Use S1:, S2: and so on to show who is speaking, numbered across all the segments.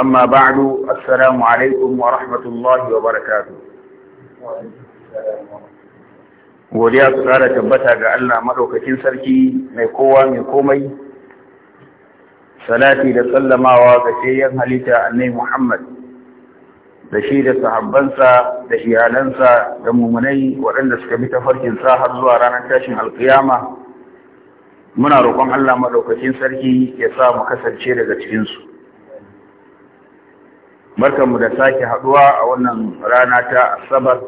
S1: أما بعد السلام عليكم ورحمة wa وبركاته godiya su ƙara tabbata ga Allah maɗaukakin sarki mai kowa mai komai salati da sallamawa ga shayyan halitta annai Muhammad da shi da sahabbansa da iyalansa da mumunai waɗanda suka bi ta sa har zuwa ranar tashin alkiyama muna roƙon Allah maɗaukakin sarki ya sa mu kasance daga cikinsu barkanmu da sake haduwa a wannan rana ta asabar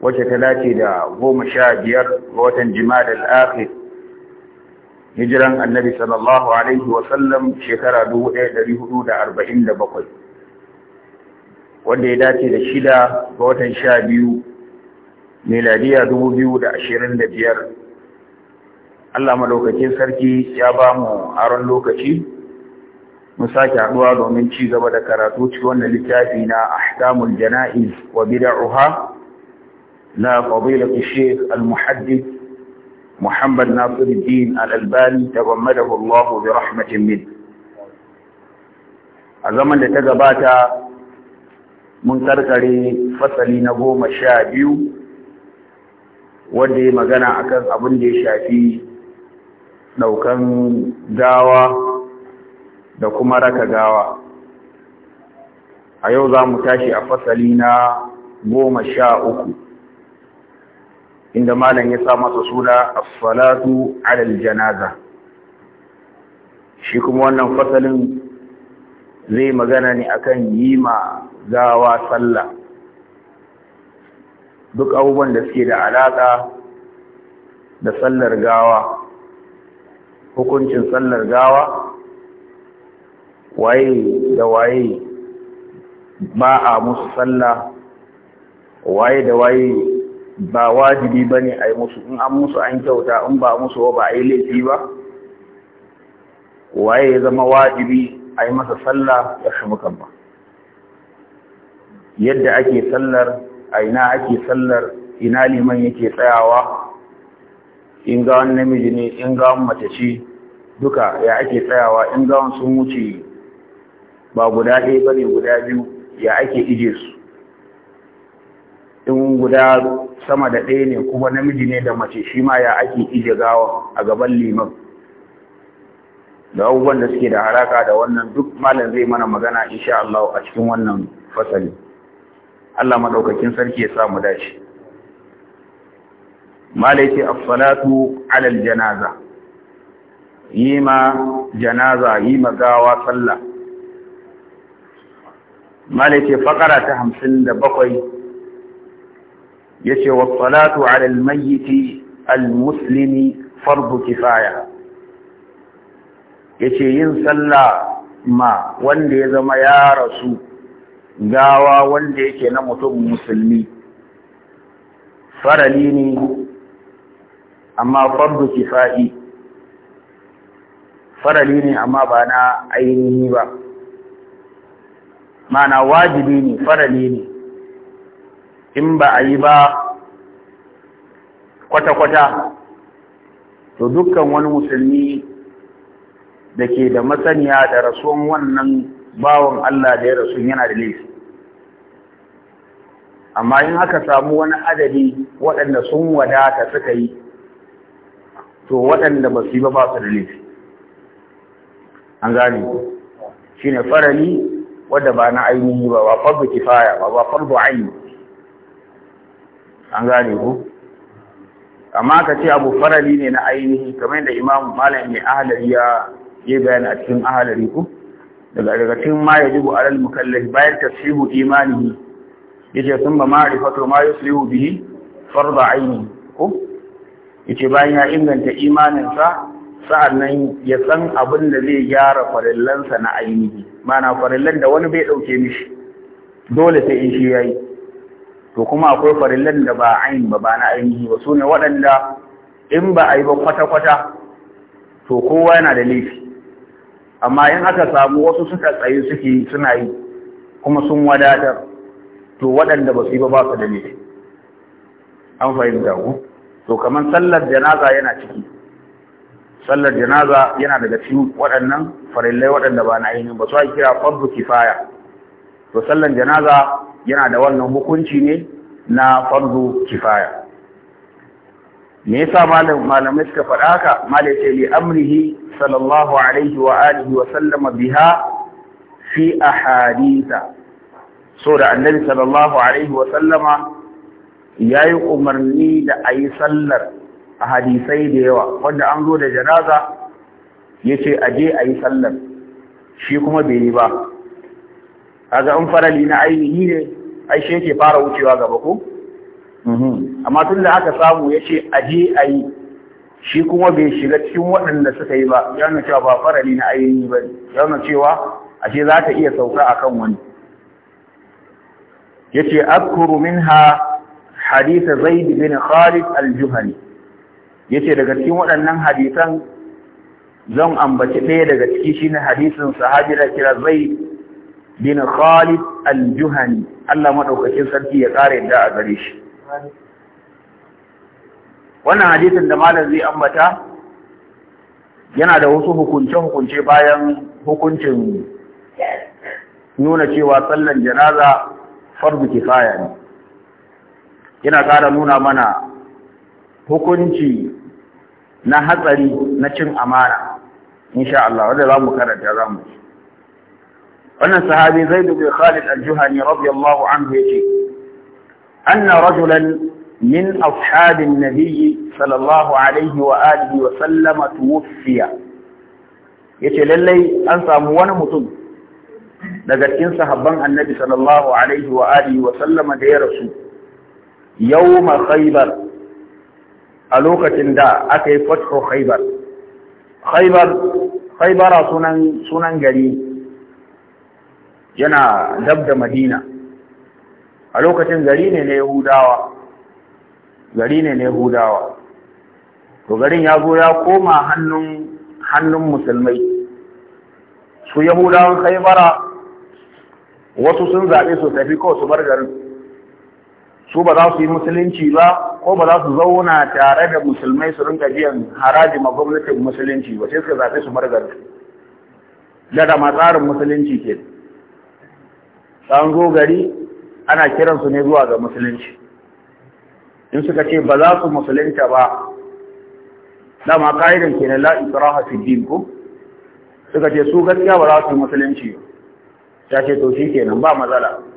S1: wacce ta dace da goma sha biyar ga watan jima'ad al-akhir hijiran annabi sallallahu alaihi wa sallam shekara 1447 wanda ya dace da shida ga watan sha biyu miladiya 2025 Allah madaukakin sarki ya ba mu aron lokaci mu sake haɗuwa domin ci gaba da karatu cikin wannan littafi na ahkamul jana'iz wa bid'uha na fadilat ash-shaykh al-muhaddith Muhammad Nasiruddin al-Albani tagammadahu Allah bi rahmatin min a zaman da ta gabata mun karkare fasali na goma sha biyu wanda ya magana akan abin da ya shafi daukan gawa da kuma raka gawa a yau za mu tashi a fasali na goma sha uku inda malam ya sa masa suna a salatu alal janaza shi kuma wannan fasalin zai magana ne akan yi ma gawa sallah duk abubuwan da suke da alaƙa da sallar gawa hukuncin sallar gawa waye da waye ba a musu sallah waye da waye ba wajibi ba ne a yi musu in an musu an kyauta in ba musu ba a yi laifi ba waye ya zama wajibi a yi masa sallah ya shi mukan ba yadda ake sallar a ina ake sallar ina liman yake tsayawa in ga wani namiji ne in ga wani mace ce duka ya ake tsayawa in ga wani sun wuce ba guda ɗaya ba ne guda biyu ya ake ije su in guda sama da ɗaya ne kuma namiji ne da mace shi ma ya ake ije gawa a gaban liman da abubuwan da suke da haraka da wannan duk malam zai mana magana insha Allah a cikin wannan fasali Allah maɗaukakin sarki ya samu dace malai Afsalatu alal salatu yi al-janaza yima janaza ma gawa sallah malai ce fakara ta hamsin da bakwai ya ce wa salatu alal mayyiti al farbu kifaya ya ce yin sallah ma wanda ya zama ya rasu gawa wanda yake na mutum musulmi farali ne amma farbu kifa'i farali ne amma ba na ainihi ba Ma'ana wajibi ne farali ne in ba a yi ba kwata-kwata to dukkan wani musulmi da ke da masaniya da rasuwan wannan bawan Allah da ya rasu yana da laifi amma in haka samu wani adadi waɗanda sun wadata suka yi to waɗanda ba su yi ba ba su da laifi an gane shi ne farali wadda ba na ainihi ba ba farbu kifaya ba ba farbu aini an gane ku amma ka ce abu farali ne na ainihi kamar da imam malam mai ahalari ya yi bayani a cikin ahalari ku daga daga cikin ma ya jibu alal mukallaf bayan tasihu imanihi yace sun ba ma'rifatu ma yuslihu bihi farda aini ku yace bayan ya inganta imaninsa sa'annan ya san abin da zai gyara farillansa na ainihi mana farillan da wani bai ɗauke mishi dole sai in shi ya yi to kuma akwai farillan da ba ayin ba ba na ainihi ba su ne waɗanda in ba a yi ba kwata-kwata to kowa yana da laifi amma in aka samu wasu suka tsayi suke suna yi kuma sun wadatar to waɗanda ba su yi ba ba su da laifi an fahimta ku to kamar sallar janaza yana ciki sallar janaza yana daga cikin waɗannan farillai waɗanda ba na ainihin ba su ake kira fardu kifaya to sallar janaza yana da wannan hukunci ne na fardu kifaya me yasa malamai suka faɗa haka malai ce li amrihi sallallahu alaihi wa alihi wa sallama biha fi ahaditha so da annabi sallallahu alaihi wa sallama yayi umarni da ayi sallar a hadisai da yawa wanda an zo da janaza ya ce a je a yi sallar shi kuma bai yi ba a ga farali na ainihi ne ai shi yake fara wucewa gaba ko mhm. amma tun da aka samu ya ce a je a yi shi kuma bai shiga cikin waɗanda suka yi ba ya nuna cewa ba farali na ainihi ba ne ya nuna cewa ashe za ta iya sauka a kan wani Ya yace akuru minha hadith zaid bin khalid al-juhani yace daga cikin waɗannan hadisan zan ambaci ɗaya daga ciki shine hadisin sahabi da kira zai bin Khalid al-Juhani Allah madaukakin sarki ya ƙara yadda a gare shi wannan hadisin da malam zai ambata yana da wasu hukunce-hukunce bayan hukuncin nuna cewa sallan janaza fardu kifaya ne yana kara nuna mana hukunci na hatsari na cin amana insha Allah wanda za mu karanta za mu wannan sahabi Zaid bin Khalid al-Juhani radiyallahu anhu yace anna rajulan min an-nabi sallallahu alaihi wa alihi wa sallama tuwfiya yace lallai an samu wani mutum daga cikin sahabban annabi sallallahu alaihi wa alihi wa sallama da ya rasu yawma khaybar a lokacin da aka yi fatho haibar khaibara sunan gari yana dab da madina a lokacin gari ne na yahudawa gari ne na yahudawa to garin ya zo ya koma hannun musulmai su yahudawan haibara wasu sun zaɓe su tafi ko su bar garin su ba za su yi musulunci ba ko ba za su zauna tare da musulmai su rinka biyan haraji ma gwamnatin musulunci ba sai suka zaɓi su margar da da tsarin musulunci ke an zo gari ana kiransu ne zuwa ga musulunci in suka ce ba za su musulunta ba dama ka'idan ke na la'isra fi din ku suka ce su gaskiya ba za su musulunci ta ce to shi kenan ba matsala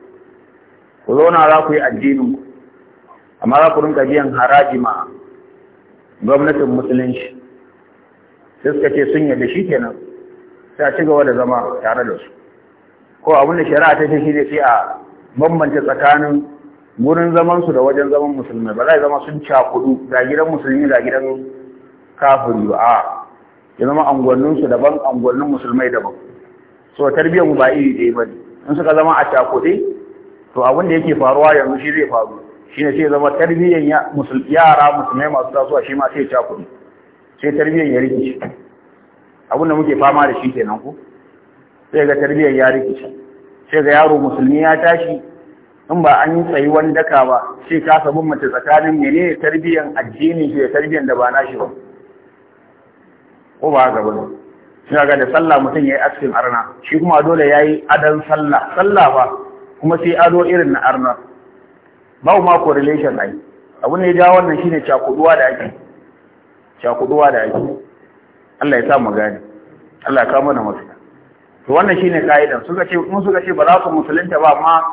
S1: ku zauna za ku yi addinin ku amma za ku rinka biyan haraji ma gwamnatin musulunci sai suka ce sun yarda shi kenan sai a ci gaba da zama tare da su ko abin da shari'a ta ce shi ne sai a bambance tsakanin wurin zaman su da wajen zaman musulmai ba za zama sun cakudu ga gidan musulmi ga gidan kafiri ba ya zama angwannin su daban angwannin musulmai daban so tarbiyyar mu ba iri ɗaya ba ne in suka zama a cakude to abin da yake faruwa yanzu shi zai faru Shi ne sai zama tarbiyyar yara musulmai masu tasowa shi ma sai ya sai tarbiyyar ya rikici abin da muke fama da shi kenan ku sai ga tarbiyyar ya rikici sai ga yaro musulmi ya tashi in ba an tsayi wani daka ba sai ka samu mace tsakanin mene tarbiyyar addini shi da tarbiyyar da ba shi ba ko ba gaba ne suna ga da sallah mutum ya yi askin arna shi kuma dole ya yi adan sallah sallah ba kuma sai ado irin na arnar ba ma correlation ai abu ne ja wannan shine cakuduwa da ake cakuduwa da ake Allah ya sa mu gane Allah ya kawo mana mafita to wannan shine kaidan suka ce mun suka ce ba za su musulunta ba amma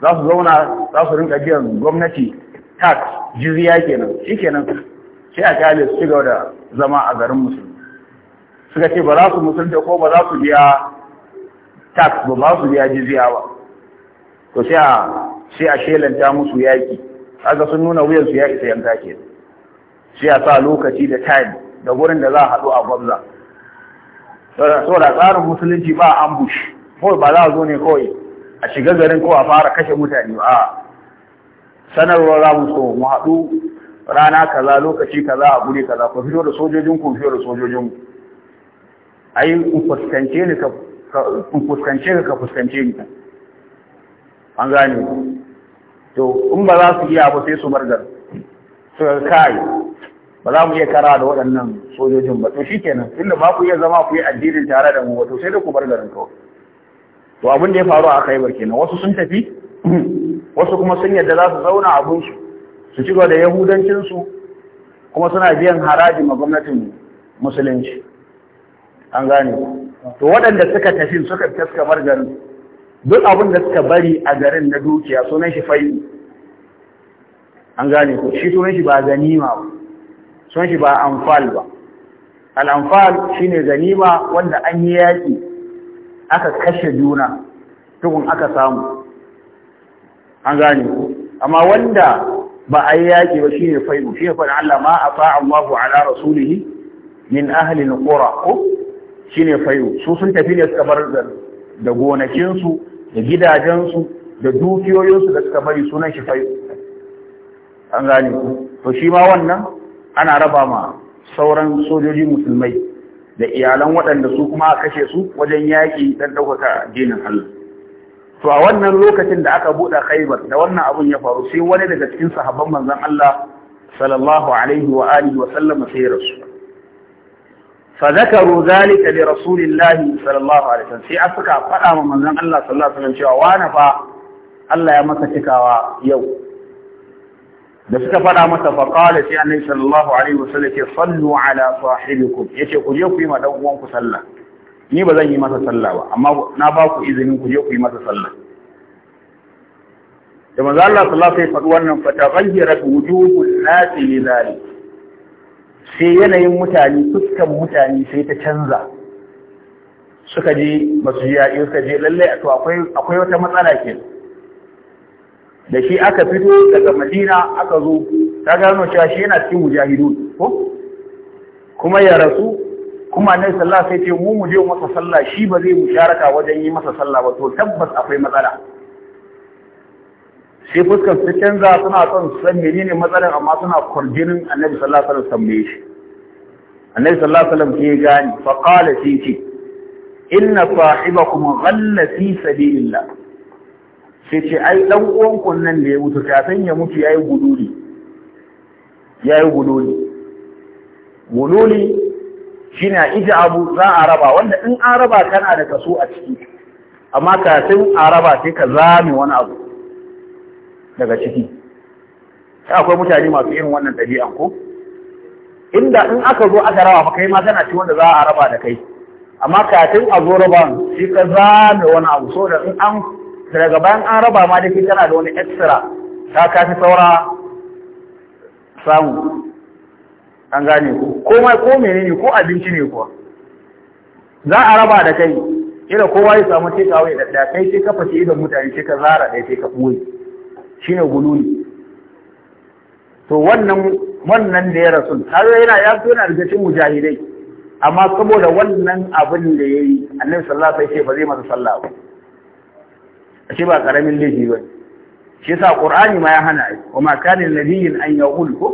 S1: za su zauna za su rinka biyan gwamnati tax jizya kenan shikenan sai a kale su cigaba da zama a garin musulmi suka ce ba za su musulunta ko ba za su biya tax ba za su biya jizya ba to sai a sai a shelanta musu yaki kaga sun nuna wuyan su ya isa yanka ke sai a sa lokaci da time da gurin da za a haɗu a gwamza saboda tsarin musulunci ba ambush ko ba za a zo ne kawai a shiga garin ko a fara kashe mutane a sanarwa za mu so mu haɗu rana kaza lokaci kaza a guri kaza ku fito da sojojin ku fito da sojojin ku ai ku fuskance ni ka fuskance ni an gane to in ba za su iya ba sai su margar suka kai ba za mu iya kara da waɗannan sojojin ba to shi kenan, inda ba ku iya zama ku yi addinin tare da mu ba to sai da ku bargarin ka kawai to abin da ya faru a Khaibar kenan wasu sun tafi wasu kuma sun yadda za su zauna a su su ci da yahudancin su kuma suna biyan haraji ma gwamnatin musulunci an gane to waɗanda suka tafi suka taska margarin duk abin da suka bari a garin na dukiya sunan shi fayi an gane ku. shi sunan shi ba ganima ba sunan shi ba amfal ba al'amfal shine ganima wanda an yi yaƙi aka kashe juna tukun aka samu an gane ku. amma wanda ba a yi yaƙi ba shine fayu shine faɗin Allah ma afa Allahu ala rasulihi min ahli al-qura ko shine fayu su sun tafi ne suka bar da gonakinsu da gidajensu da dukiyoyinsu da suka bari sunan shi fayu an gane ku to shi ma wannan ana raba ma sauran sojoji musulmai da iyalan waɗanda su kuma kashe su wajen yaƙi dan ɗaukaka addinin Allah to a wannan lokacin da aka buɗe Khaibar da wannan abun ya faru sai wani daga cikin sahabban manzon Allah sallallahu alaihi wa alihi wa sallam sai rasu fa zakaru zalika li rasulillahi sallallahu alaihi wasallam sai aka faɗa ma manzon Allah sallallahu alaihi wasallam cewa wani fa Allah ya masa cikawa yau da suka faɗa masa fa qala sai annabi sallallahu alaihi wasallam ya sallu ala sahibikum yace ku je ku yi ma dan uwanku sallah ni ba zan yi masa sallah ba amma na ba ku izinin ku je ku yi masa sallah da manzo Allah sallallahu alaihi wasallam faɗi wannan fa taghayyarat wujuhun nasi li dhalik sai yanayin mutane fuskan mutane sai ta canza suka je masu yaƙi suka je lallai to akwai wata matsala ke da shi aka fito daga madina aka zo ta gano cewa shi yana cikin mujahidun ko kuma ya rasu kuma nan sallah sai ce mu mu je masa sallah shi ba zai musharaka wajen yi masa sallah ba to tabbas akwai matsala sai fuskar su canza suna son san ne matsalar amma suna kwarjinin annabi sallallahu alaihi wasallam tambaye shi annabi sallallahu alaihi wasallam sai gani fa qala shi ce inna sahibakum ghalla fi sabilillah sai ce ai dan uwan kun nan da ya mutu kafin ya mutu yayi guduli yayi guduli guduli shine ija abu za a raba wanda in an raba kana da kaso a ciki amma kafin a raba sai ka zame wani abu daga ciki akwai mutane masu irin wannan ɗabi'an ko inda in aka zo aka raba fa kai ma kana ci wanda za a raba da kai amma kafin a zo raba shi ka zame wani abu so da in an daga bayan an raba ma da kai kana da wani extra ta kafi saura samu an gane ku ko mai ko menene ko abinci ne kuwa za a raba da kai ila kowa ya samu take away da kai sai ka fashe idan mutane sai ka zara dai sai ka ɓoye. shine gululi to wannan wannan da ya rasu har yana ya fito yana daga cikin mujahidai amma saboda wannan abin da yayi annabi sallallahu alaihi wasallam ba zai masa sallah ba ashe ba karamin laifi ba shi yasa qur'ani ma ya hana ai wa ma kana nabiyyin an yaqul ko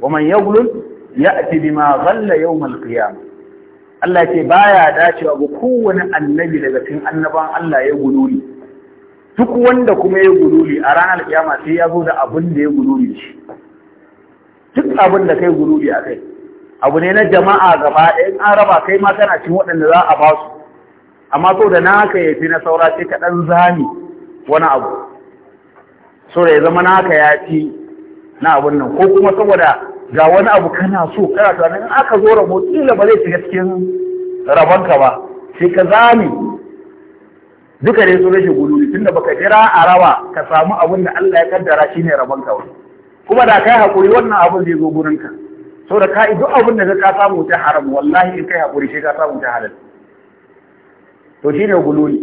S1: wa man yaqul ya'ti bima dhalla yawm al Allah ce baya dacewa ga kowane annabi daga cikin annaban Allah ya gululi duk wanda kuma ya gururi a ranar kiyama sai ya zo da abin da ya gururi shi duk abin da kai gururi a kai abu ne na jama'a gaba ɗaya in an raba kai ma kana cin waɗanda za a ba su amma so da naka ya fi na saura sai ka ɗan zami wani abu so da ya zama naka ya fi na abun nan ko kuma saboda ga wani abu kana so kana tunanin in aka zo rabo kila ba zai shiga cikin rabonka ba sai ka zami duka dai sun rashin gululi tunda baka jira a rawa ka samu abin da Allah ya kaddara shine rabon ka kuma da kai hakuri wannan abin zai zo gurin ka so da kai duk abin da ka samu ta haram wallahi in kai hakuri sai ka samu ta halal to shine gululi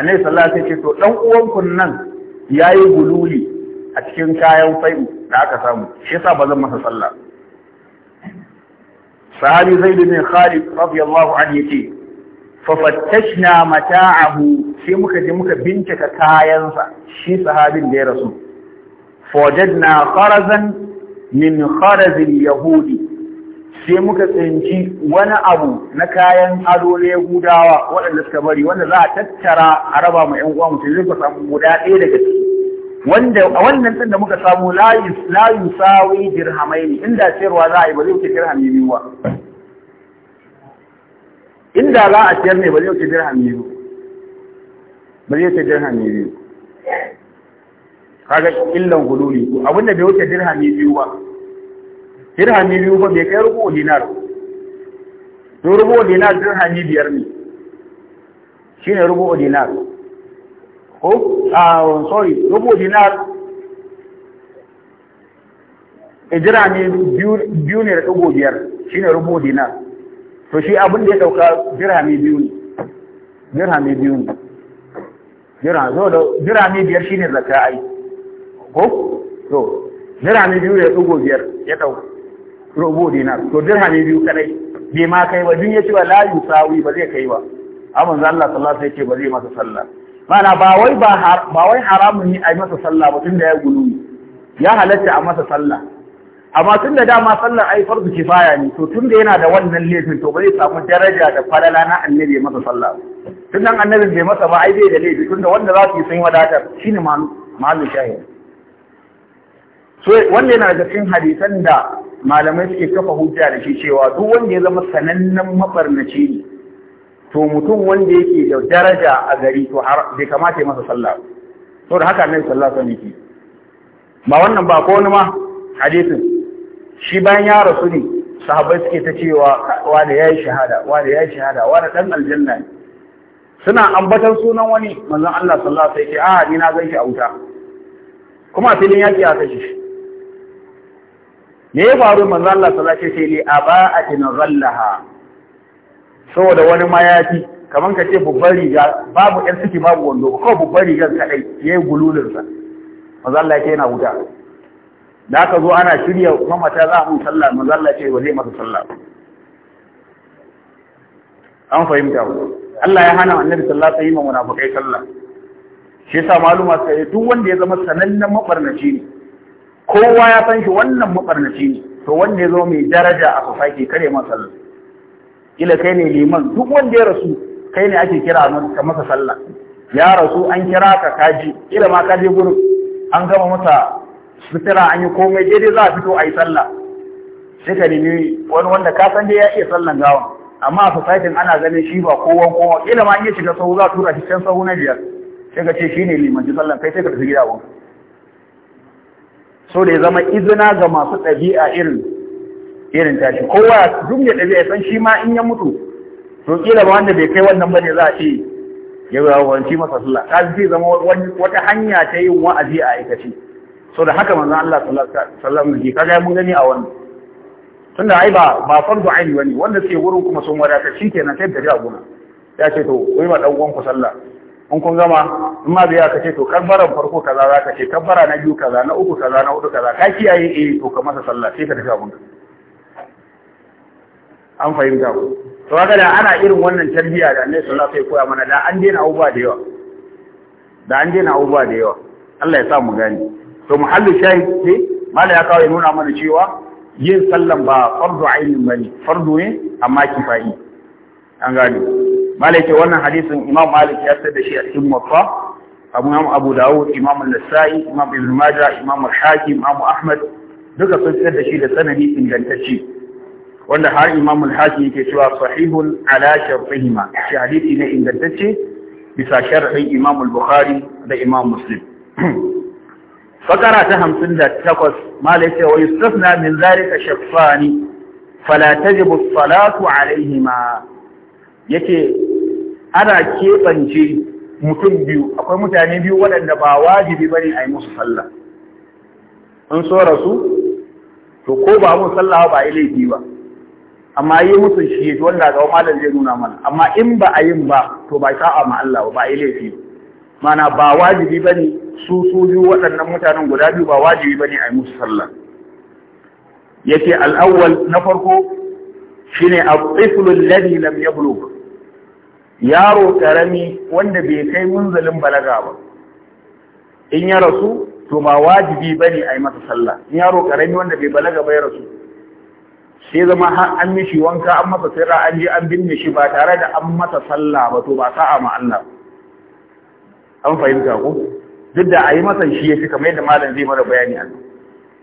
S1: annabi sallallahu alaihi wasallam ce to dan uwankun nan nan yayi gululi a cikin kayan fai'u da aka samu shi yasa ba zan masa sallah sahabi zaid bin khalid radiyallahu anhu yace fa fattashna mata'ahu sai muka je muka bincika kayansa shi sahabin da ya rasu na kharazan min kharazil yahudi sai muka tsinci wani abu na kayan ado na yahudawa waɗanda suka bari wanda za a tattara a raba ma ƴan uwa mutum zai samu guda ɗaya daga ciki wanda a wannan ɗin da muka samu sawi jirhamai ne. inda sayarwa za a yi ba zai wuce dirhami biyu ba inda za a sayar ne ba zai wuce dirhami biyu bari ya ce dirhami biyu kaga illan hululi ko abinda bai wuce dirhami biyu ba dirhami biyu ba bai kai rubu dinar to rubu dinar dirhami biyar ne shine rubu dinar ko ah sorry rubu dinar eh, dirhami biyu ne da ɗigo biyar shine rubu dinar to shi abin da ya ɗauka dirhami biyu ne dirhami biyu ne jira zo da jira ne biyar shine zakka ai ko to jira ne biyu ya dugo biyar ya dau robo dinar to jira ne biyu kadai bai ma kai ba dun ya ba la yusawi ba zai kai ba amma zan Allah sallallahu alaihi wasallam ce ba zai masa sallah mana ba wai ba ba wai haramun ne ai masa sallah ba tunda ya gulu ya halatta a masa sallah amma tun da dama sallar ai farzu kifaya ne to tun da yana da wannan laifin to bai samu daraja da falala na annabi ya masa sallah tun nan annabin bai masa ba ai bai da laifi tun da wanda za su yi sun wadatar shine malu shahid so wanda yana da cikin hadisan da malamai suke kafa hujja da shi cewa duk wanda ya zama sanannen mafarnaci ne to mutum wanda yake da daraja a gari to bai kamata ya masa sallah saboda haka annabi sallallahu alaihi wasallam ba wannan ba ko wani ma hadisin shi bayan ya rasu ne sahabai suke ta cewa wani ya yi shahada wani ya yi shahada wani ɗan aljanna ne suna ambatar sunan wani manzon Allah sallallahu alaihi wasallam sai ce a ah, ni na gan shi a wuta kuma a filin yaki aka shi me ya faru manzon Allah sallallahu alaihi wasallam sai li aba'atin rallaha saboda wani mayafi kaman ka ce babbar riga babu ƴan suke babu wando ko babbar rigar kaɗai ya yi sa manzon Allah yake yana wuta da aka zo ana shirya mamata za mu sallah manzo Allah ce ba zai masa sallah an fahimta ku Allah ya hana annabi sallallahu alaihi wasallam munafikai sallah shi yasa maluma sai duk wanda ya zama sanannen mafarnaci ne kowa ya san shi wannan mafarnaci ne to wanda ya zo mai daraja a society kare masa sallah kila kai ne liman duk wanda ya rasu kai ne ake kira ka masa sallah ya rasu an kira ka kaji kila ma kaje gurin an gama masa sutura an yi komai daidai za a fito a yi sallah sai ka nemi wani wanda ka san dai ya iya sallan gawa amma a society ana ganin shi ba kowan kowa kila ma an yi shiga sahu za a tura shi can sahu na biyar sai ka ce ne limanci sallan kai sai ka tafi gida wani so da ya zama izina ga masu ɗabi'a irin irin tashi kowa duk ya ɗabi'a san shi ma in ya mutu to kila ma wanda bai kai wannan bane za a ce ya wawanci masa sallah ta zai zama wata hanya ta yin wa'azi a aikace so da haka manzon Allah sallallahu alaihi wasallam ne mun gani a wannan tunda ai ba ba fardu aini wani wanda suke wurin kuma sun wadata shikenan sai tafi a guna ya ce to wai ma dan uwan ku sallah in kun gama in ma biya ka ce to kabbaran farko kaza za ka ce kabbara na biyu kaza na uku kaza na hudu kaza ka kiyaye eh to ka masa sallah sai ka tafi abun an fahimta ku to haka da ana irin wannan tarbiyya da Annabi sallallahu alaihi wasallam koya mana da an daina abubuwa da yawa da an daina abubuwa da yawa Allah ya sa mu gani to muhallin shahid ne mala ya kawo ya nuna mana cewa yin sallan ba fardu ba ne, fardu ne amma kifayi an gane mala yake wannan hadisin imam malik ya tsada shi a cikin muwatta abu imam abu dawud imam an-nasa'i imam ibn majah imam al-hakim imam ahmad duka sun tsada shi da sanadi ingantacce wanda har imam al-hakim yake cewa sahihul ala shartihima shi hadisi ne ingantacce bisa sharhin imam al-bukhari da imam muslim fakara ta hamsin da takwas malai ce wa yustasna min zalika shaffani fala tajibu salatu alaihima yace ana keɓance mutum biyu akwai mutane biyu waɗanda ba wajibi bane a yi musu sallah in so rasu to ko ba mu sallah ba yi laifi ba amma yi musu shi wanda ga malam zai nuna mana amma in ba a yin ba to ba sa'a ma Allah ba yi laifi mana ba wajibi bane su su biyu waɗannan mutanen guda biyu ba wajibi ne a yi musu sallah Yake al'awwal na farko shine a tiflu lari lam bulu yaro karami wanda bai kai munzalin balaga ba in ya rasu to ba wajibi ne a yi masa sallah in yaro karami wanda bai balaga ba ya rasu sai zama har an mishi wanka an masa sirra an je an binne shi ba tare da an masa sallah ba to ba sa'a ma Allah an fahimta ko duk da a yi masa shi ya fi kamar yadda malam zai mara bayani a nan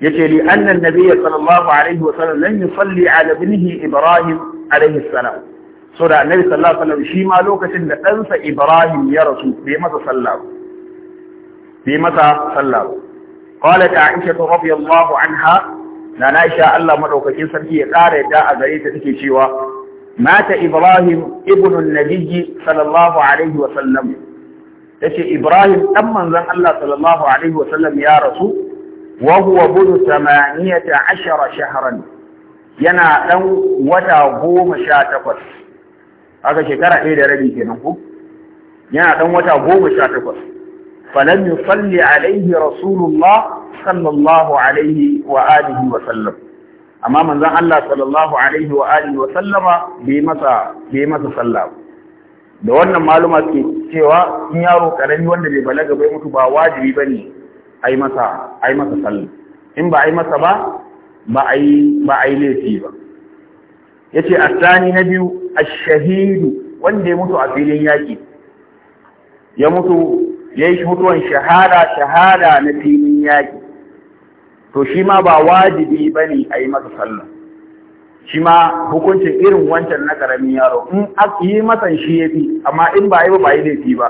S1: ya ce li annan nabiyya sallallahu alaihi wa sallam lam salli ala ibnihi ibrahim alaihi salam so da annabi sallallahu alaihi wasallam shi ma lokacin da ɗansa ibrahim ya rasu bai masa sallah bai masa sallah qalat aisha radiyallahu anha na aisha Allah maɗaukakin sarki ya ƙara yadda a gare ta take cewa mata ibrahim ibnu an-nabiy sallallahu alaihi wasallam yace Ibrahim dan manzon Allah sallallahu alaihi wa sallam ya rasu wa huwa bunu 18 shahran yana dan wata 18 haka shekara ɗaya da rabi kenan ku yana dan wata 18 فلم يصلي عليه رسول الله صلى الله wa وآله وسلم أما من ذا الله صلى الله wa وآله وسلم بمسا bai masa الله da wannan maluma ke cewa in yaro karami wanda bai balaga bai mutu ba wajibi bane ai masa ai masa sallah in ba ai masa ba ba ai ba laifi ba yace asani na biyu ash-shahidu wanda ya mutu a filin yaki ya mutu yayi mutuwan shahada shahada na filin yaƙi, to shi ma ba wajibi bane ai masa sallah shi ma hukuncin irin wancan na ƙaramin yaro in yi masan shi ya fi amma in ba yi ba ba yi laifi ba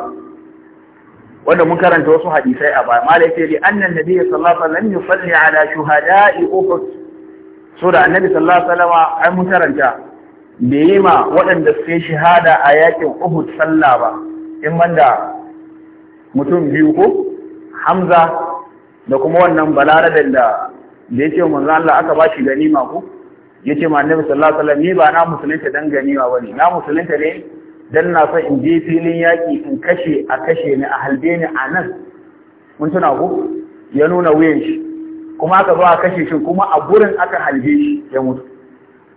S1: wanda mun karanta wasu hadisai a baya malai ce li annan nabi sallallahu alaihi wasallam yusalli ala shuhada'i uhud so da annabi sallallahu alaihi wasallam ai mun karanta da yi ma waɗanda suka shi shahada a yakin uhud sallah ba in banda mutum biyu ko hamza da kuma wannan balaradan da da yake manzo Allah aka ba shi ganima ko ya ce ma annabi sallallahu alaihi ni ba na musulunta dan ganima bane na musulunta ne dan na so in je filin yaki in kashe a kashe ni a halbe ni a nan mun tuna ku ya nuna wuyan shi kuma aka zo a kashe shi kuma a gurin aka halbe shi ya mutu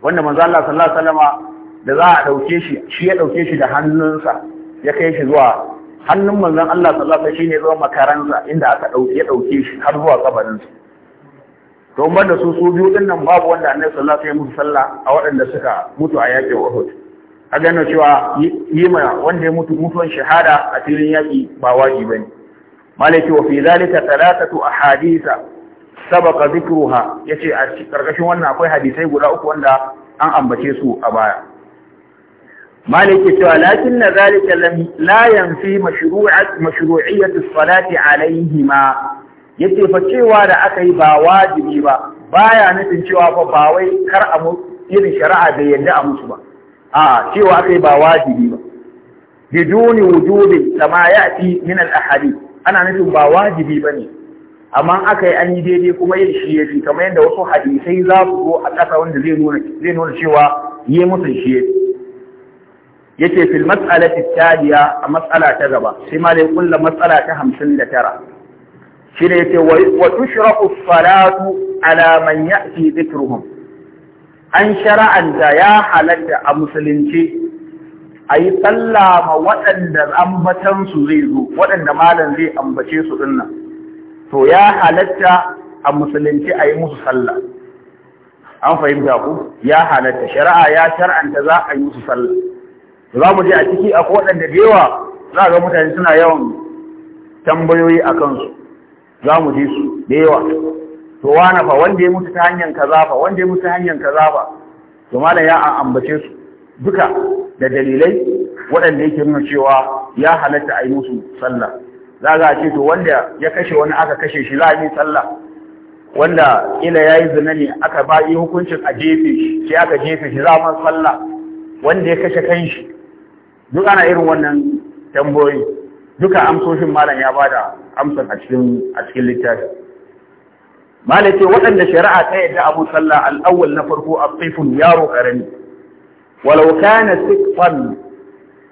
S1: wanda manzo Allah sallallahu alaihi da za a dauke shi shi ya dauke shi da hannunsa ya kai shi zuwa hannun manzon Allah sallallahu alaihi wasallam shine zuwa makaransa inda aka dauke ya dauke shi har zuwa kabarinsa to banda su su biyu din nan babu wanda annabi sallallahu alaihi wasallam ya musu sallah a waɗanda suka mutu a yaƙin Uhud a gano cewa yi ma wanda ya mutu mutuwan shahada a filin yaƙi ba wajibi ne malaki wa fi zalika thalathatu ahadisa sabaqa dhikruha yace a karkashin wannan akwai hadisai guda uku wanda an ambace su a baya malaki cewa lakin zalika lam la yanfi mashru'at mashru'iyyat as-salati yace fa cewa da aka yi ba wajibi ba baya nufin cewa fa ba wai kar a mu irin shari'a bai yadda a musu ba a cewa aka yi ba wajibi ba biduni wujubi kama ya'ti min al-ahadith ana nufin ba wajibi bane amma aka yi an yi daidai kuma yin shi fi kamar yadda wasu hadisai za su zo a ƙasa wanda zai nuna zai nuna cewa yi musu shi yafi yace fil mas'alati taliya a mas'ala ta gaba sai ma dai kullu mas'ala ta 59 shine yace wa tushraqu salatu ala man ya'ti dhikruhum an da ya halatta a musulunci ayi sallama waɗanda ambatan su zai zo waɗanda malam zai ambace su dinna to ya halatta a musulunci ayi musu sallah an fahimta ku ya halatta shari'a ya shar'anta za a yi musu sallah za mu je a ciki akwai waɗanda da yawa za ga mutane suna yawan tambayoyi a kansu za mu ji su da yawa to wani fa wanda ya mutu ta hanyar kaza fa wanda ya mutu ta hanyar kaza fa to malam ya ambace su duka da dalilai waɗanda yake nuna cewa ya halatta a yi musu sallah za ga ce to wanda ya kashe wani aka kashe shi za a yi sallah wanda ila ya yi zina ne aka ba yi hukuncin a jefe shi sai aka jefe shi za a sallah wanda ya kashe shi. duk ana irin wannan tambayoyi duka amsoshin malam ya bada amsar a cikin a cikin littafin Malam ce waɗanda shari'a ta yadda abu sallah al'awwal na farko a tsifin yaro ƙarami walau kana sikfan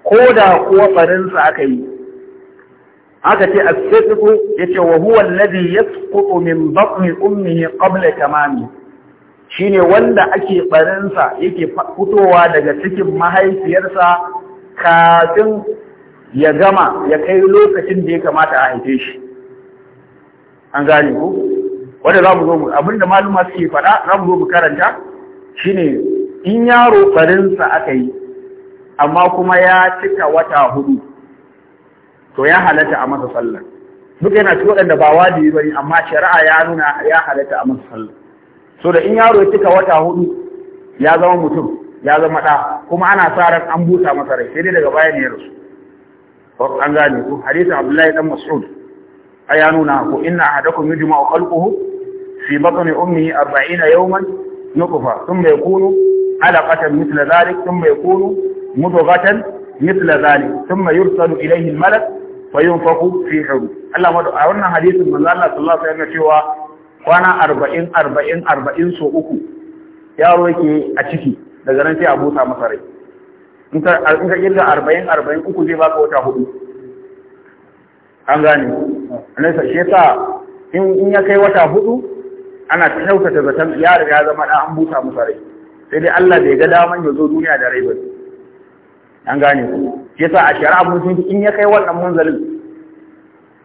S1: ko da kuwa farinsa aka yi aka ce asifiku ya ce wa huwa alladhi yasqutu min batni ummihi qabla tamami shine wanda ake barinsa yake fitowa daga cikin mahaifiyarsa kafin ya gama ya kai lokacin da ya kamata a haife shi an gane ku wanda za mu zo mu abinda maluma suke faɗa za mu zo mu karanta shine in yaro barinsa aka yi amma kuma ya cika wata hudu to ya halatta a masa sallah duk yana ci waɗanda ba wajibi bane amma shari'a ya nuna ya halatta a masa sallah so da in yaro ya cika wata hudu ya zama mutum ya zama ɗa kuma ana sa ran an busa masa rai sai dai daga baya ne ya rasu an gane ko hadisi abdullahi dan mas'ud ay ya nuna ko inna ahadakum yujma'u khalquhu fi batni ummihi 40 yawman nutfa thumma yakunu alaqatan mithla dhalik thumma yakunu mudghatan mithla dhalik thumma yursalu ilayhi al-malak fi huru Allah ma a wannan hadisin manzo Allah sallallahu alaihi cewa kwana 40 40 40 so uku yaro yake a ciki daga nan sai a busa masa rai in ka kirga arba'in arba'in uku zai baka wata hudu an gane nesa shi yasa in ya kai wata hudu ana kyautata zaton ya riga zama da an buta musa rai sai dai Allah bai ga daman ya zo duniya da rai ba an gane ku shi yasa a shari'a mun in ya kai wannan munzalin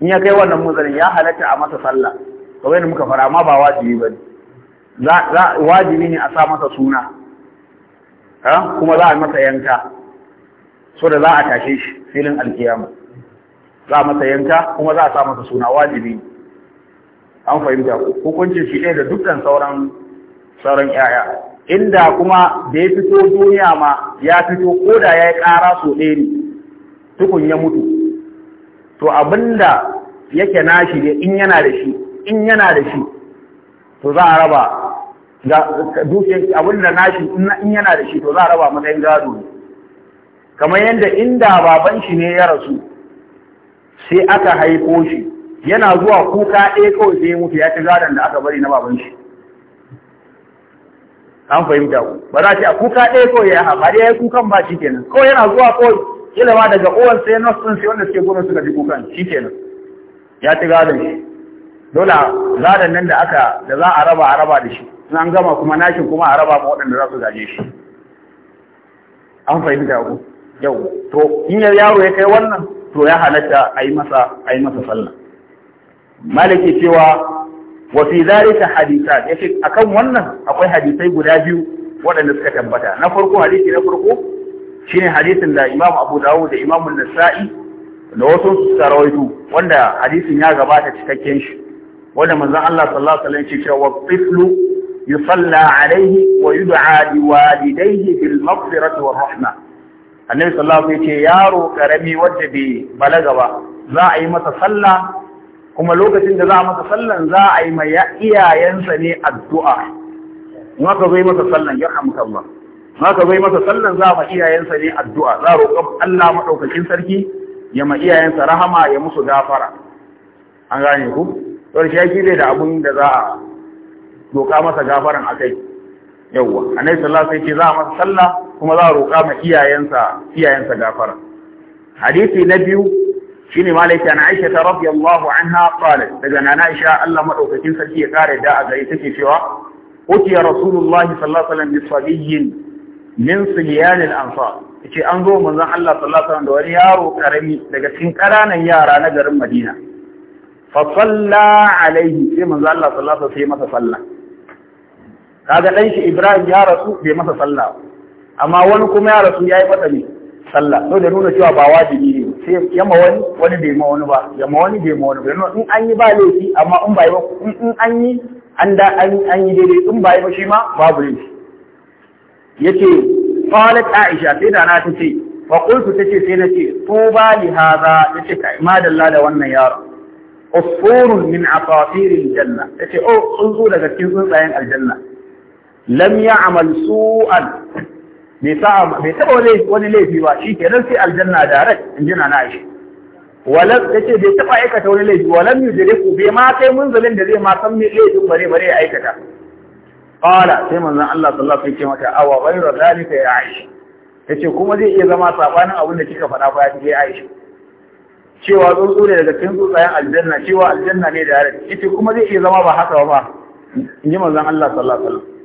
S1: in ya kai wannan munzalin ya halatta a masa sallah kawai da muka fara ma ba wajibi ba za wajibi ne a sa masa suna kuma za a masa yanka so da za a tashe shi filin alkiyama za a masa yanka kuma za a sa masa suna wajibi an fahimta hukuncin shi ɗaya da dukkan sauran sauran yaya inda kuma da ya fito duniya ma ya fito ko da ya yi ƙara so ɗaya ne tukun ya mutu to abinda yake nashi ne in yana da shi in yana da shi to za a raba ga dukiyar abinda nashi in yana da shi to za a raba matsayin gado ne kamar yadda inda baban shi ne ya rasu sai aka haiko shi yana zuwa kuka ɗaya kawai sai ya mutu ya ci gadon da aka bari na baban shi an fahimta ku ba za ce a kuka ɗaya kawai ya haɓa ya yi kukan ba shi kenan kawai yana zuwa kawai ilima daga uwan sai na sun sai wanda suke gudun suka ji kukan shi kenan ya ci gadon shi dole gadon nan da aka da za a raba a raba da shi an gama kuma nashin kuma a raba ma waɗanda za su gaje shi an fahimta ku yau to in yaro ya kai wannan to ya halatta a yi masa a yi masa sallah malaki cewa wa fi zalika hadithat yace akan wannan akwai hadisai guda biyu waɗanda suka tabbata na farko hadisi na farko shine hadisin da Imam Abu Dawud da Imam An-Nasa'i da wasu suka wanda hadisin ya gabata cikakken shi wanda manzon Allah sallallahu alaihi wasallam ya ce wa tiflu yusalla alaihi wa yud'a liwalidayhi bil maghfirati war rahmah annabi sallallahu alaihi wasallam ya ce yaro karami wanda bai balaga ba za a yi masa sallah kuma lokacin da za a masa sallan za a yi mai iyayensa ne addu'a in aka zo masa sallan ya hamka Allah in aka zo masa sallan za a ma iyayensa ne addu'a za a roƙa Allah maɗaukakin sarki ya ma iyayensa rahama ya musu gafara an gane ku to shi yake da abun da za a roƙa masa gafaran akai yawwa annabi sallallahu alaihi wasallam sai ce za a masa sallah kuma za a roƙa ma iyayensa iyayensa gafara hadisi na biyu shine malaika na Aisha ta radiyallahu anha qalat daga nana Aisha Allah madaukakin sarki ya kare da a gari take cewa uti ya rasulullahi sallallahu alaihi wasallam bi min silyan al-ansar yace an zo manzon Allah sallallahu alaihi wasallam da wani yaro karami daga cikin ƙananan yara na garin Madina fa salla alaihi sai manzon Allah sallallahu alaihi wasallam sai masa sallah kaga dan shi Ibrahim ya rasu bai masa sallah amma wani kuma ya rasu yayi masa ne sallah to da nuna cewa ba wajibi ne sai ya ma wani wani bai ma wani ba ya ma wani bai ma wani ba in an yi ba laifi amma in ba yi ba in an yi an da an yi daidai in ba yi ba shi ma babu laifi yace qalat Aisha sai da na tace fa qultu tace sai na nace tuba li hadha yace kai madalla da wannan yaro usfurun min asafiril janna Ta ce o oh, sun zo daga cikin tsuntsayen aljanna lam ya'mal su'an bai taɓa wani laifi ba shi ke nan sai aljanna direct in jina na shi walam yace bai taɓa aikata wani laifi walam ku bai ma kai munzalin da zai ma san me laifin bare bare ya aikata qala sai manzon Allah sallallahu alaihi wasallam ya ce mata awa ghayra zalika ya Aisha yace kuma zai iya zama sabanin abin da kika faɗa ba ya Aisha cewa tsuntsu ne daga cikin tsuntsayen aljanna cewa aljanna ne da yare yace kuma zai iya zama ba haka ba in ji manzon Allah sallallahu alaihi sallam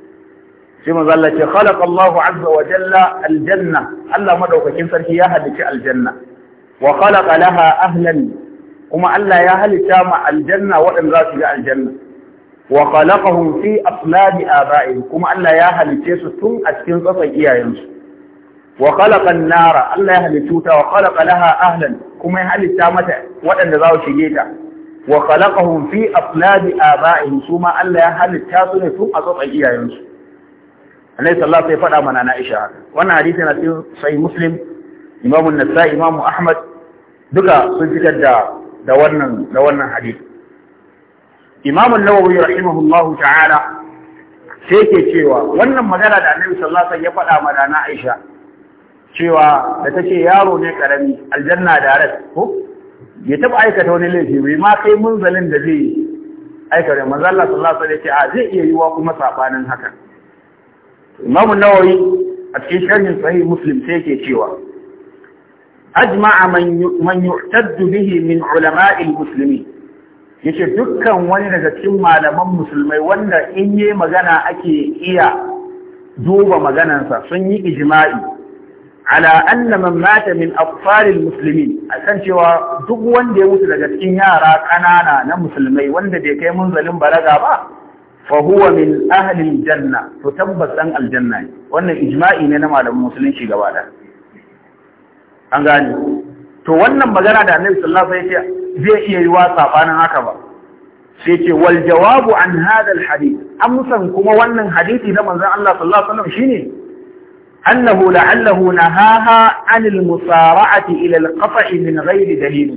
S1: shi manzo Allah ce khalaqa Allahu azza wa jalla aljanna Allah madaukakin sarki ya halici aljanna wa khalaqa laha ahlan kuma Allah ya halitta ma aljanna waɗanda za su ga aljanna wa khalaqahum fi aslabi aba'ihim kuma Allah ya halice su tun a cikin tsatsan iyayensu wa khalaqa an-nara Allah ya halice ta wa khalaqa laha ahlan kuma ya halitta mata waɗanda za su shige ta wa khalaqahum fi aslabi aba'ihim kuma Allah ya halitta su ne tun a tsatsan iyayensu annabi sallallahu alaihi faɗa mana na Aisha wannan hadisi na cikin sahih Muslim Imam nasai Imam Ahmad duka sun fitar da da wannan da wannan hadisi Imam an-Nawawi rahimahullahu ta'ala sai ke cewa wannan magana da annabi sallallahu alaihi ya faɗa mana na Aisha cewa da tace yaro ne karami aljanna da ras ko ya taba aikata wani laifi bai ma kai munzalin da zai aikata manzo Allah sallallahu alaihi wasallam ya ce a zai iya yiwa kuma sabanin haka imamu nawawi a cikin sharhin sahih muslim sai yake cewa ajma'a man yu'taddu bihi min ulama'il muslimin yace dukkan wani daga cikin malaman musulmai wanda in yi magana ake iya duba maganansa sun yi ijma'i ala anna man mata min atfalil muslimin akan cewa duk wanda ya mutu daga cikin yara kanana na musulmai wanda bai kai munzalin balaga ba fa huwa min ahli janna to tabbas dan aljanna ne wannan ijma'i ne na malaman musulunci gaba da an gane to wannan magana da Annabi sallallahu alaihi wasallam zai iya yiwa sabanin haka ba sai ce wal jawabu an hada al hadith amsan kuma wannan hadisi na manzon Allah sallallahu alaihi wasallam shine annahu la'allahu nahaha an al musara'ati ila al qata'i min ghairi dalil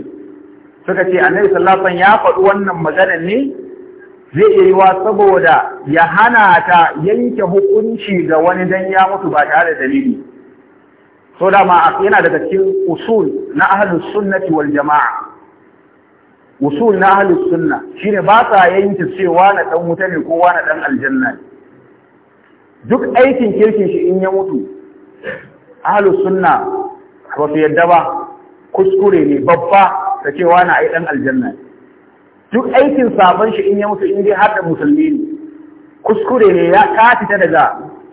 S1: suka ce Annabi sallallahu alaihi wasallam ya faɗi wannan magana ne zai iya yiwa saboda ya hana ta yanke hukunci ga wani dan ya mutu ba tare da dalili so ma yana daga cikin usul na ahlus sunnati wal jama'a usul na ahlus sunna shine ba sa yanke cewa na dan wuta ne ko wani dan aljanna duk aikin kirkin shi in ya mutu ahlus sunna ba su yadda ba kuskure ne babba ta cewa na ai dan aljanna ne duk aikin sabon shi in ya mutu in dai har da musulmi ne kuskure ne ya ka fita daga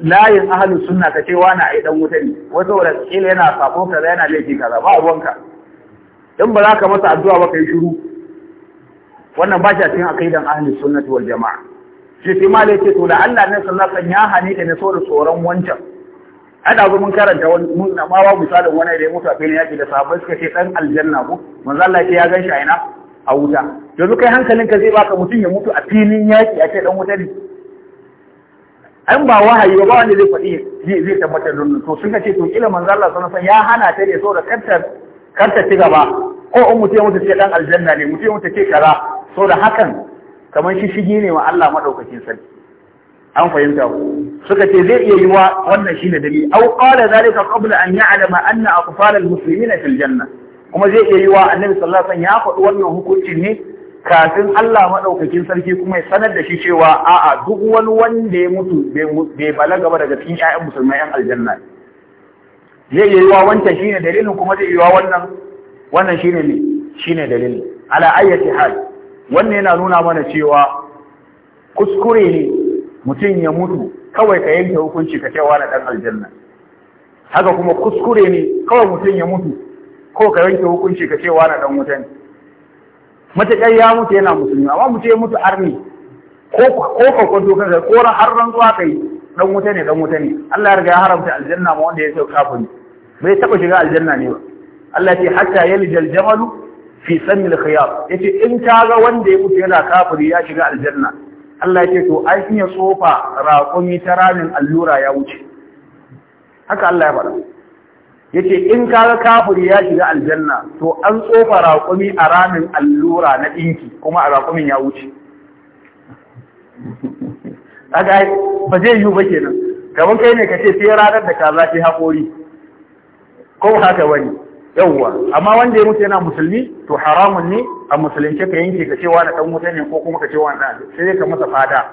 S1: layin ahlus sunna ka ce wani ai dan wuta ne wata da kila yana sabo kaza yana laifi kaza ba ruwanka in ba za ka masa addu'a ba kai shiru wannan ba shi a cikin aqidan ahlus sunnati wal jamaa shi sai ma laifi to da Allah ne sallallahu alaihi ya hane ka ne so da tsoron wancan ada zo mun karanta mun ma ba misalin wani da ya mutu a filin yaki da sabon suka ce dan aljanna ko manzo Allah ya ce ya gan shi a ina a wuta yanzu kai ka zai baka mutum ya mutu a filin yaƙi a ce dan wuta ne an ba wahayi ba wanda zai faɗi zai tabbatar da to sun ce to kila manzo Allah sallallahu alaihi ya hana ta ne saboda karta karta ci gaba ko in mutum ya mutu ce dan aljanna ne mutum ya mutu ce kaza saboda hakan kamar shi shige ne wa Allah madaukakin sarki an fahimta ku suka ce zai iya wa wannan shine dalili au qala zalika qabla an ya'lama anna atfal al-muslimina fil janna kuma zai iya yi wa annabi sallallahu alaihi wasallam ya faɗi wannan hukuncin ne kafin Allah madaukakin sarki kuma ya sanar da shi cewa a'a duk wani wanda ya mutu bai balaga ba daga cikin ƴaƴan musulmai ƴan aljanna zai iya yi wa wancan shine dalilin kuma zai iya yi wa wannan wannan shine ne shine dalilin ala ayyati hal wannan yana nuna mana cewa kuskure ne mutum ya mutu kawai ka yanke hukunci ka cewa na dan aljanna haka kuma kuskure ne kawai mutum ya mutu ko ka yanke hukunci ka ce wani dan wuta ne matakai ya mutu yana musulmi amma mutu ya mutu arni ko ka kwanto kanka ko har zuwa kai dan wuta ne dan wuta ne Allah ya riga ya haramta aljanna ma wanda ya sauka kafin bai taba shiga aljanna ne ba Allah ya ce hatta yalijal jamalu fi sanil khiyar yace in kaga wanda ya mutu yana kafiri ya shiga aljanna Allah ya ce to an iya tsofa raƙumi ta ramin allura ya wuce haka Allah ya faɗa yace in kaga kafiri ya shiga aljanna to an tsofa raƙumi a ramin allura na ɗinki kuma a raƙumin ya wuce daga ba zai yiwu ba kenan kamar kai ne ka ce sai ranar da kaza ta haƙori ko haka wani yawwa amma wanda ya mutu yana musulmi to haramun ne a musulunce ka yanke ka cewa na dan wuta ne ko kuma ka cewa na sai ka masa fada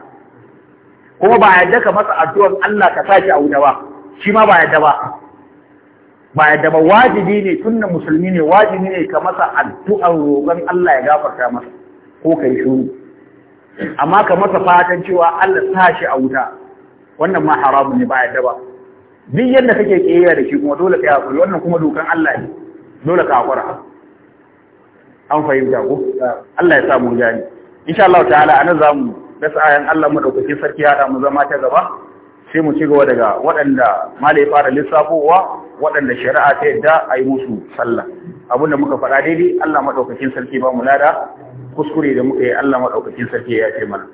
S1: kuma ba yadda ka masa addu'ar Allah ka saki a wuta ba shi ma ba yadda ba ba yadda ba wajibi ne tunan musulmi ne wajibi ne ka masa addu’ar roƙon Allah ya gafarta masa ko ka yi shuru amma ka masa fatan cewa Allah sa shi a wuta wannan ma haramun ne ba yadda ba duk yadda kake kiyaye da shi kuma dole ka yi wannan kuma dokan Allah ne dole ka haƙura. an fahimta ko Allah ya samu gani insha Allah ta'ala anan zamu dasa ayan Allah madaukakin sarki ya da mu zama ta gaba sai mu ci gaba daga waɗanda malai fara lissafowa waɗanda shari'a ta yadda a yi musu sallah abin da muka faɗa daidai Allah maɗaukakin sarki ba mu lada kuskure da muka yi Allah maɗaukakin sarki ya ce mana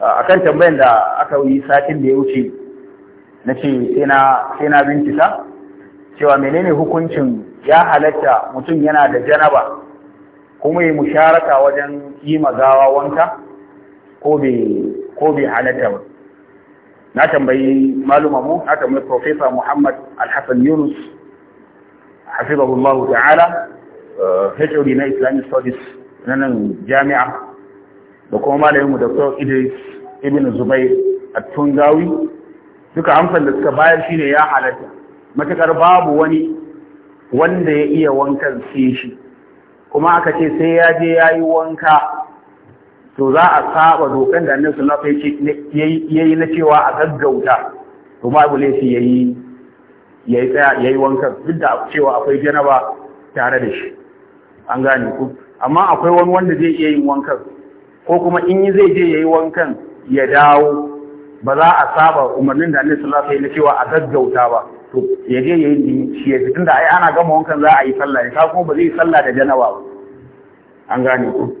S1: A kan tambayan da aka yi satin da ya wuce na ce sai na bincika cewa menene hukuncin ya halatta mutum yana da janaba kuma ya musharaka wajen yi magawa wanka ko bai halatta ba na tambayi malumamu na tambayi profesa muhammad alhassan yunus hafizahullahu ta'ala hod eh, na islamic studies na nan jami'a da kuma malaminmu dr idris ibn zubair a tungawi duka amsan da suka bayar shi ne ya halatta matakar babu wani wanda ya iya wankan sai shi kuma aka ce sai ya je ya yi wanka to za a saba dokan da annabi sallallahu alaihi wasallam yayi na cewa a gaggauta to babu laifi yayi yayi tsaya yayi wankan duk da cewa akwai janaba tare da shi an gane ku amma akwai wani wanda zai iya yin wankan ko kuma in yi zai je yayi wankan ya dawo ba za a saba umarnin da annabi sallallahu alaihi wasallam na cewa a gaggauta ba to ya je yayi shi ya tunda ai ana gama wankan za a yi sallah ne ka kuma ba zai sallah da janaba ba an gane ku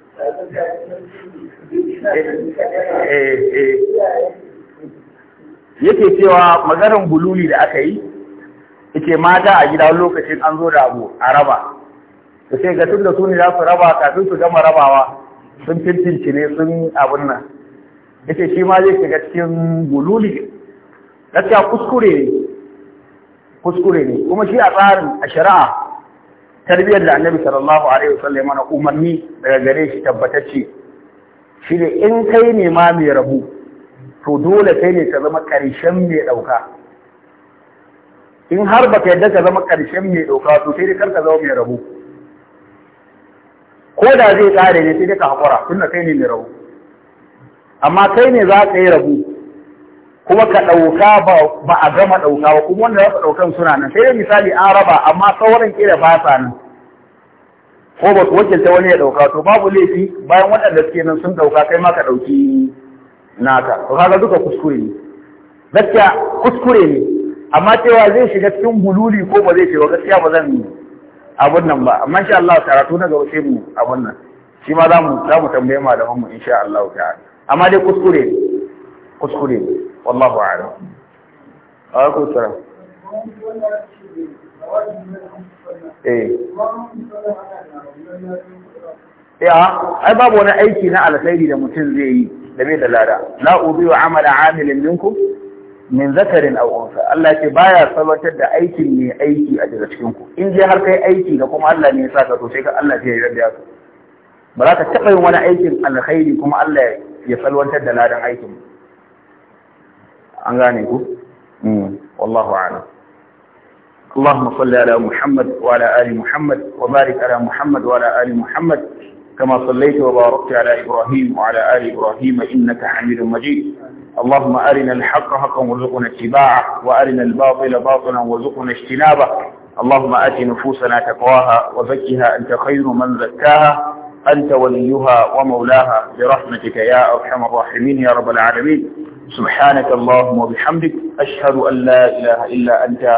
S1: Eh, eh. yake cewa maganar bululi da aka yi yake mata a gida lokacin an zo da abu a raba da sai ga tun da su ne za su raba kafin su gama rabawa sun fintinci ne sun abin nan yake shi ma zai shiga cikin bululi gaskiya kuskure kuskure ne kuma shi a tsarin a shari'a tarbiyyar da annabi sallallahu alaihi wasallam mana umarni daga gare shi tabbatacce shi ne in kai ne ma mai rabu to dole kai ne ka zama ƙarshen mai ɗauka in har baka yadda ka zama ƙarshen mai ɗauka to sai dai kar ka zama mai rabu ko da zai ƙare ne sai dai ka haƙura tunda kai ne mai rabu amma kai ne za ka yi rabu kuma ka ɗauka ba a gama ɗauka ba kuma wanda za su ɗaukan suna nan sai dai misali an raba amma sauran kira ba sa nan ko ba su wakilta wani ya ɗauka to babu laifi bayan waɗanda suke nan sun ɗauka kai ma ka ɗauki naka to kaga duka kuskure ne gaskiya kuskure ne amma cewa zai shiga cikin hululi ko ba zai shiga gaskiya ba zan abun nan ba amma insha Allah karatu na gaba sai mu abun nan shi ma za mu za tambaye malaman mu insha Allah ta'ala amma dai kuskure ne kuskure ne wallahu a'lam ku tsara eh ai babu wani aiki na alkhairi da mutum zai yi da bai da lada la wa amala amilin minku min zakarin aw unsa Allah ce baya sabatar da aikin mai aiki a daga cikin ku in je har kai aiki ga kuma Allah ne ya saka to sai ka Allah zai yarda ka ba za ka taɓa yin wani aikin alkhairi kuma Allah ya salwantar da ladan aikin an gane ku hmm. wallahu a'lam اللهم صل على محمد وعلى آل محمد وبارك على محمد وعلى آل محمد كما صليت وباركت على إبراهيم وعلى آل إبراهيم إنك حميد مجيد اللهم أرنا الحق حقا وارزقنا اتباعه وأرنا الباطل باطلا وارزقنا اجتنابه اللهم آت نفوسنا تقواها وزكها أنت خير من زكاها أنت وليها ومولاها برحمتك يا أرحم الراحمين يا رب العالمين سبحانك اللهم وبحمدك أشهد أن لا إله إلا أنت